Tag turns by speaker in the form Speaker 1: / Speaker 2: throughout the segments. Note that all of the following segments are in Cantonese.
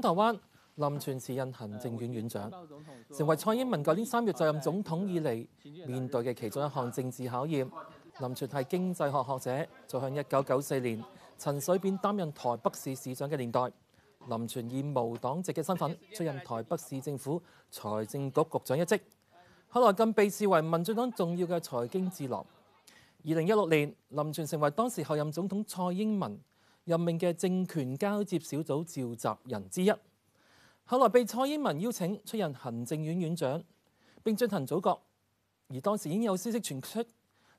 Speaker 1: 台灣林全辭任行政院院長，成為蔡英文去年三月就任總統以嚟面對嘅其中一項政治考驗。林全係經濟學學者，就向一九九四年陳水扁擔任台北市市長嘅年代，林全以無黨籍嘅身份出任台北市政府財政局局長一職，後來更被視為民進黨重要嘅財經智囊。二零一六年，林全成為當時候任總統蔡英文任命嘅政權交接小組召集人之一，後來被蔡英文邀請出任行政院院長並進行組閣，而當時已經有消息傳出，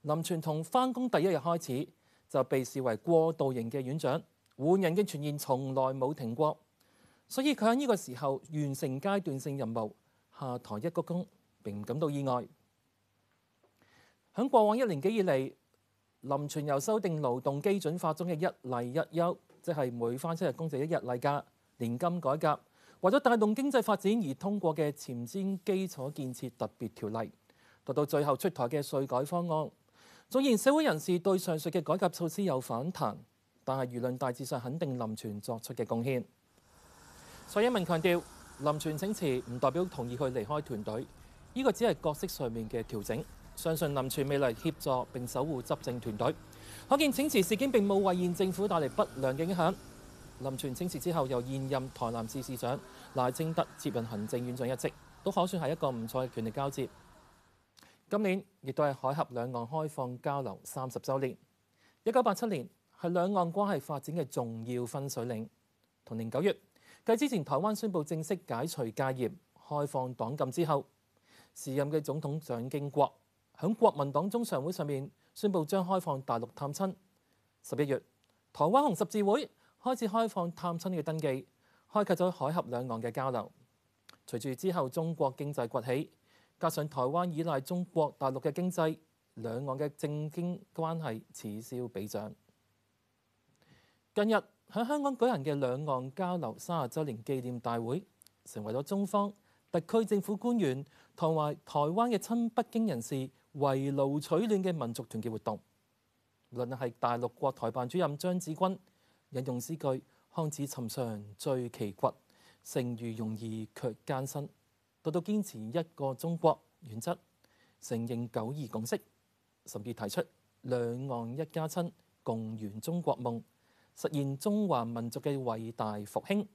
Speaker 1: 林全同返工第一日開始就被視為過渡型嘅院長，換人嘅傳言從來冇停過，所以佢喺呢個時候完成階段性任務下台一鞠躬並唔感到意外。喺過往一年幾以嚟。林全由修訂勞動基準法中嘅一例一休，即係每返七日工就一日例假；年金改革，為咗帶動經濟發展而通過嘅前瞻基礎建設特別條例，達到最後出台嘅稅改方案。縱然社會人士對上述嘅改革措施有反彈，但係輿論大致上肯定林全作出嘅貢獻。蔡英文強調，林全請辭唔代表同意佢離開團隊，呢、這個只係角色上面嘅調整。相信林全未來協助並守護執政團隊，可見請辭事件並冇為現政府帶嚟不良影響。林全請辭之後，由現任台南市市長賴清德接任行政院長一職，都可算係一個唔錯嘅權力交接。今年亦都係海峽兩岸開放交流三十週年。一九八七年係兩岸關係發展嘅重要分水嶺。同年九月，繼之前台灣宣布正式解除戒嚴、開放黨禁之後，時任嘅總統蔣經國。響國民黨中常會上面宣佈將開放大陸探親。十一月，台灣紅十字會開始開放探親嘅登記，開啟咗海峽兩岸嘅交流。隨住之後，中國經濟崛起，加上台灣依賴中國大陸嘅經濟，兩岸嘅政經關係此消彼長。近日喺香港舉行嘅兩岸交流三十週年紀念大會，成為咗中方特區政府官員同埋台灣嘅親北京人士圍爐取暖嘅民族團結活動，無論係大陸國台辦主任張志軍引用詩句“看似尋常最奇崛，成如容易卻艱辛”，到到堅持一個中國原則，承認九二共識，甚至提出兩岸一家親，共圓中國夢，實現中華民族嘅偉大復興。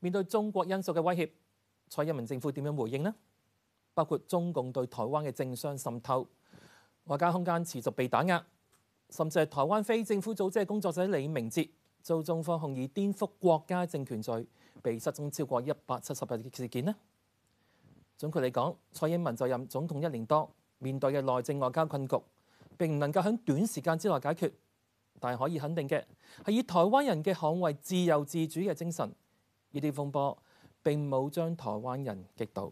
Speaker 1: 面對中國因素嘅威脅，蔡英文政府點樣回應呢？包括中共對台灣嘅政商滲透、外交空間持續被打壓，甚至係台灣非政府組織嘅工作者李明哲遭中方控以顛覆國家政權罪被失蹤超過一百七十日嘅事件呢？總括嚟講，蔡英文就任總統一年多，面對嘅內政外交困局，並唔能夠響短時間之內解決，但係可以肯定嘅係以台灣人嘅捍衛自由自主嘅精神，呢啲風波並冇將台灣人擊倒。